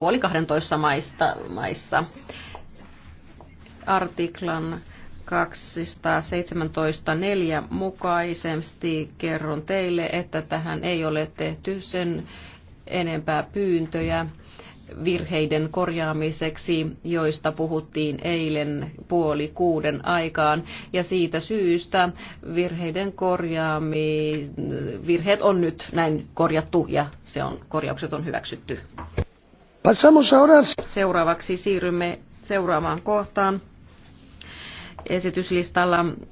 puoli 12 maista, maissa. Artiklan 217.4 mukaisesti kerron teille, että tähän ei ole tehty sen enempää pyyntöjä virheiden korjaamiseksi, joista puhuttiin eilen puoli kuuden aikaan. Ja siitä syystä virheiden korjaami, virheet on nyt näin korjattu ja se on, korjaukset on hyväksytty. Seuraavaksi siirrymme seuraavaan kohtaan esityslistalla.